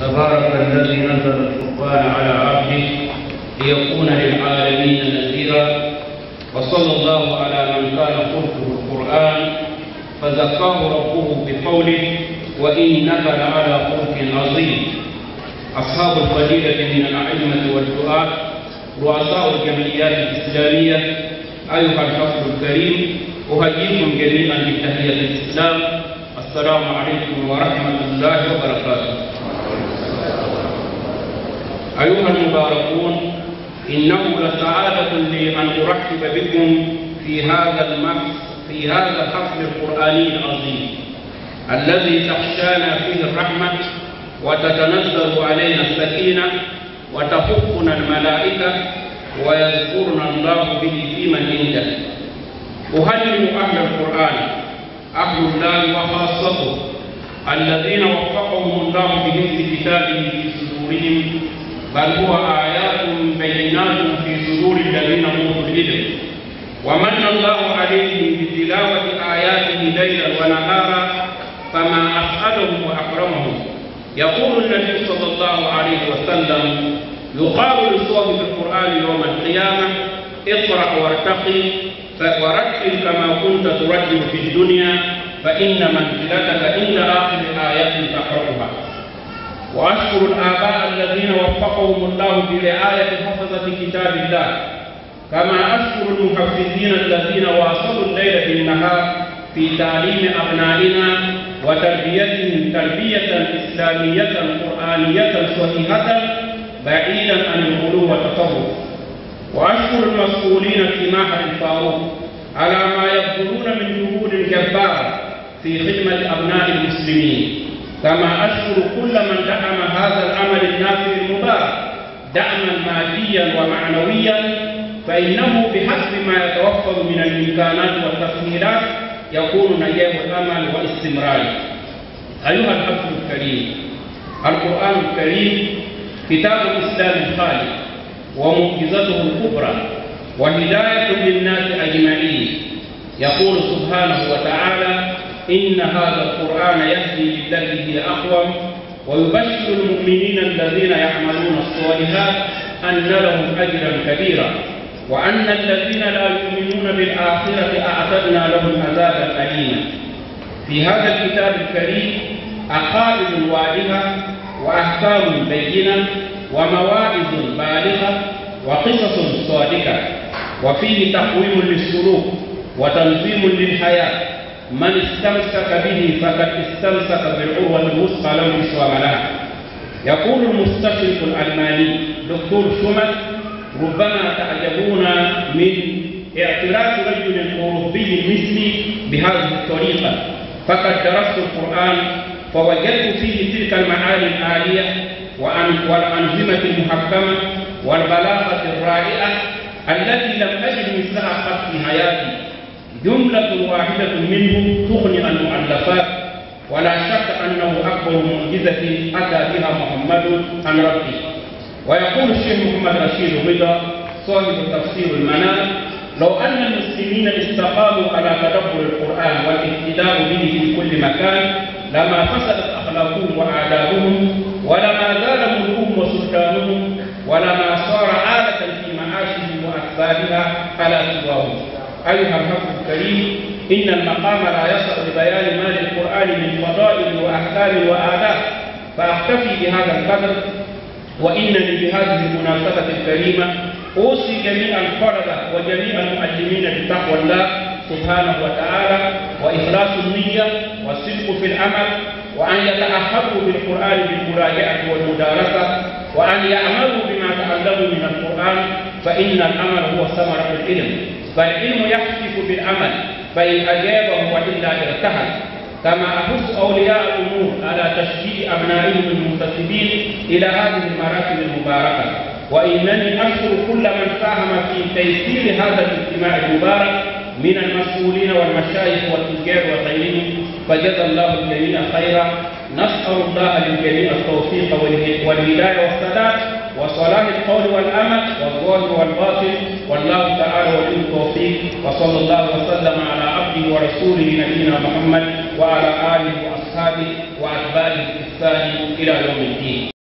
تبارك الذي نزل الفرقان على عبده ليكون للعالمين نذيرا وصلى الله على من كان قرته القرآن فزكاه ربه بقوله وإنك لعلى خلق عظيم أصحاب الفضيلة من الأئمة والفؤاد رؤساء الجمعيات الإسلامية أيها الحفظ الكريم اهديكم جميعا بتحية الإسلام السلام عليكم ورحمة الله وبركاته أيها المباركون إنه لسعادة لي أن أرحب بكم في هذا المحف في هذا الحفل القرآني العظيم الذي تخشانا فيه الرحمة وتتنزل علينا السكينة وتفقنا الملائكة ويذكرنا الله به في من عنده أهنئ أهل القرآن أهل الله وخاصته الذين وفقهم الله بمثل في كتابه في صدورهم بل هو آيات بينات في صدور الذين أوتوا العلم ومن الله عليهم بتلاوة آياته ليلا ونهارا فما أسألهم وأكرمهم يقول النبي صلى الله عليه وسلم يقال للصوم في القرآن يوم القيامة اقرأ وارتقي ورتل كما كنت ترتل في الدنيا فإن منزلتك عند آخر آية تحرمها وأشكر الآباء الذين وفقهم الله برعاية حفظة كتاب الله كما أشكر المحفزين الذين واصلوا الليل بالنهار في تعليم أبنائنا وتربيتهم تربية إسلامية قرآنية صحيحة بعيدا عن الغلو والتطرف وأشكر المسؤولين في معهد الفاروق على ما يبذلون من جهود جبارة في خدمة أبناء المسلمين كما أشكر كل من دعم هذا العمل النافع المبارك دعما ماديا ومعنويا فإنه بحسب ما يتوفر من الإمكانات والتسهيلات يكون نجاح الأمل والاستمرار. أيها الأخ الكريم القرآن الكريم كتاب الإسلام الخالد ومعجزته الكبرى وهداية للناس أجمعين يقول سبحانه وتعالى إن هذا القرآن يهدي للتي هي أقوم ويبشر المؤمنين الذين يعملون الصالحات أن لهم أجرا كبيرا وأن الذين لا يؤمنون بالآخرة أعتدنا لهم عذابا أليما في هذا الكتاب الكريم أقابل واضحة وأحكام بينة ومواعظ بالغة وقصص صادقة وفيه تقويم للسلوك وتنظيم للحياة من استمسك به فقد استمسك بالعروة الوثقى لو انفصام لها يقول المستشرق الألماني دكتور شومت ربما تعجبون من اعتراف رجل أوروبي مثلي بهذه الطريقة فقد درست القرآن فوجدت فيه تلك المعاني العالية والأنظمة المحكمة والبلاغة الرائعة التي لم أجد مثلها قط في حياتي جملة واحدة منه تغني عن المؤلفات ولا شك أنه أكبر معجزة أتى بها محمد عن ربه ويقول الشيخ محمد رشيد رضا صاحب تفسير المنام لو أن المسلمين استقاموا على تدبر القرآن والاقتداء به في كل مكان لما فسدت أخلاقهم وآدابهم ولما زال ملوكهم وسلطانهم ولما صار عادة في معاشهم وأسبابها على سوى أيها الحفظ الكريم إن المقام لا يصح لبيان ما للقرآن من فضائل وأحكام وآداب فأكتفي بهذا القدر وإنني بهذه المناسبة الكريمة أوصي جميع الفرد وجميع المؤلمين بتقوى الله سبحانه وتعالى وإخلاص النية والصدق في العمل وأن يتأخروا بالقرآن بالمراجعة والمدارسة وأن يعملوا بما تعلموا من القرآن فإن الأمر هو ثمرة العلم فالعلم يحسب بالعمل فإن أجابه وإلا ارتحل كما أحث أولياء الأمور على تشجيع أبنائهم المنتسبين إلى هذه المراتب المباركة وإنني أشكر كل من ساهم في تيسير هذا الاجتماع المبارك من المسؤولين والمشايخ والتجار وغيرهم فجزا الله الجميع خيرا نسأل الله للجميع التوفيق والهداية والسداد وصلاح القول والعمل والظاهر والباطن والله تعالى ولي التوفيق وصلى الله وسلم على عبده ورسوله نبينا محمد وعلى اله واصحابه واتباعه باحسان الى يوم الدين